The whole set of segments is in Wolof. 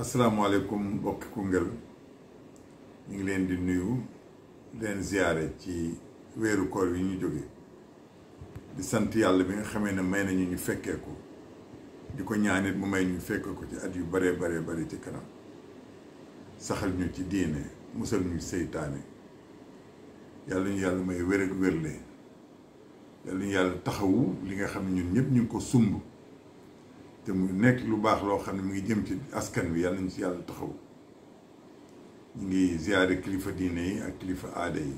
asalaamaaleykum mbokki Koungheul ñu ngi leen di nuyu leen ziare ci weeru koor yi ñu jóge di sant yàlla bi nga xamee ne may nañu ñu fekkee ko di ko ñaanit mu may ñu fekkee ko ci at yu baree baree bari ci kanam saxal ñu ci diine musal ñu seytaane yàlla ñu yàlla may wér ak wérle yàlla ñu yàlla taxawu li nga xam ne ñun ñëpp ñu ko sumb te mu nekk lu baax loo xam ne mu ngi jëm ci askan wi yàlla nañ ci yàlla taxaw ñu ngi ziare kilifa diine yi ak kilifa aada yi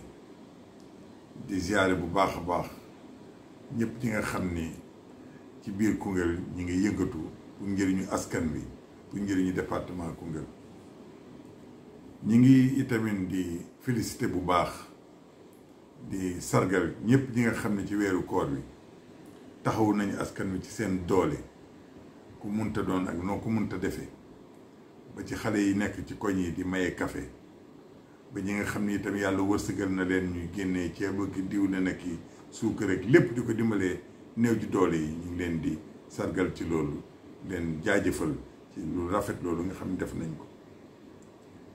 di ziare bu baax a baax ñëpp ñi nga xam ni ci biir Koungheul ñi ngi yëngatu njëriñu askan wi pour njëriñu département Koungheul ñu ngi itamit di félicité bu baax di sargal ñëpp ñi nga xam ne ci weeru koor wi taxaw nañu askan wi ci seen doole ku munta doon ak noo ko munta defee ba ci xale yi nekk ci koñ yi di maye kafe ba ñi nga xam ni itam yàlla wërsëgal na leen ñuy génnee ceeb ak diw ne nag ki suukar ak lépp di ko dimbalee néew ji doole yi ñu leen di sargal ci loolu leen jaajëfal ci lu rafet loolu nga xam ne def nañ ko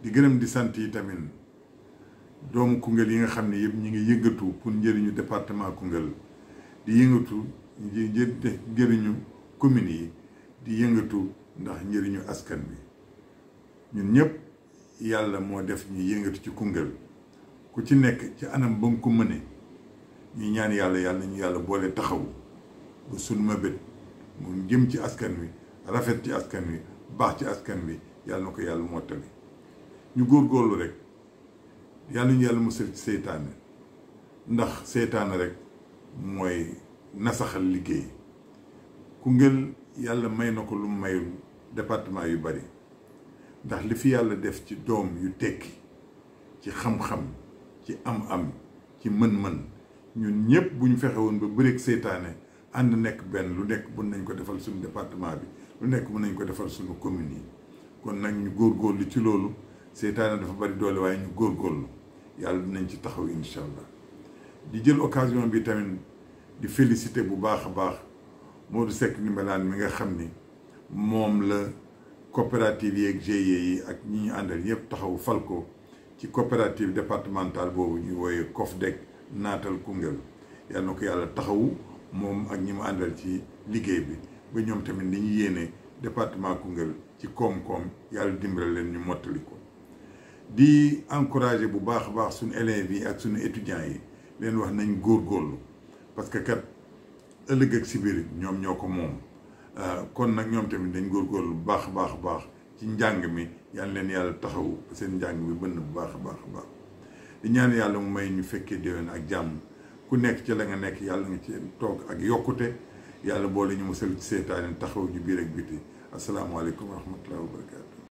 di gërëm di sant yi tamit doomu Koungheul yi nga xam ne yëpp ñu ngi yëngatu pour njëriñu département Koungheul di yëngatu njëriñu communes yi di yëngatu ndax njëriñu askan wi ñun ñëpp yàlla moo def ñu yëngatu ci Koungheul ku ci nekk ci anam ba nga ko mëne ñu ñaan yàlla yàlla ñu yàlla boole taxawu ba sunu mébét mu jëm ci askan wi rafet ci askan wi baax ci askan wi yàlla na ko yàlla mottali ñu góorgóorlu rek yàlla ñu yàlla musal ci seytaane ndax seytaane rek mooy nasaxal liggéey Koungheul yàlla may na ko lu mu mayul département yu bari ndax li fi yàlla def ci doom yu tekki ci xam-xam ci am-am ci mën-mën ñun ñëpp bu ñu fexe woon ba bëreeg seytaane ànd nekk benn lu nekk mën nañ ko defal suñu département bi lu nekk mën nañ ko defal suñu commune yi kon nag ñu góorgóorlu ci loolu seytaane dafa bari doole waaye ñu góorgóorlu yàlla nañ ci taxaw incha allah di jël occasion bi tamit di féliciter bu baax a baax. moo Modou Seck Ndimbelaan mi nga xam ni moom la coopérative yi ak GIE yi ak ñi ñu àndal yëpp taxaw fal ko ci coopérative départementale boobu ñuy ñu wooye COFDEC naatal Koungheul yal na ko yàlla taxawu moom ak ñi mu àndal ci liggéey bi ba ñoom tamit li ñu yéene département Koungheul ci koom-koom yàlla dimbale leen ñu mottali ko di encourager bu baax a baax suñu élèves yi ak suñu étudiants yi leen wax nañ góorgóorlu parce que kat ëllëg ak si biir ñoom ñoo ko moom euh, kon nag ñoom tamit dañ góor bu baax a baax a baax ci njàng mi yàlla leen yàlla taxawu seen njàng mi bënn bu baax a baax baax di ñaan yàlla mu may ñu fekkee déwén ak jàmm ku nekk ci la nga nekk yàlla nga ci toog ak yokkute yàlla boole ñu musal ci seetaane taxaw ñu biir ak biti asalaamaaleykum wa rahmatullahi wa barakatu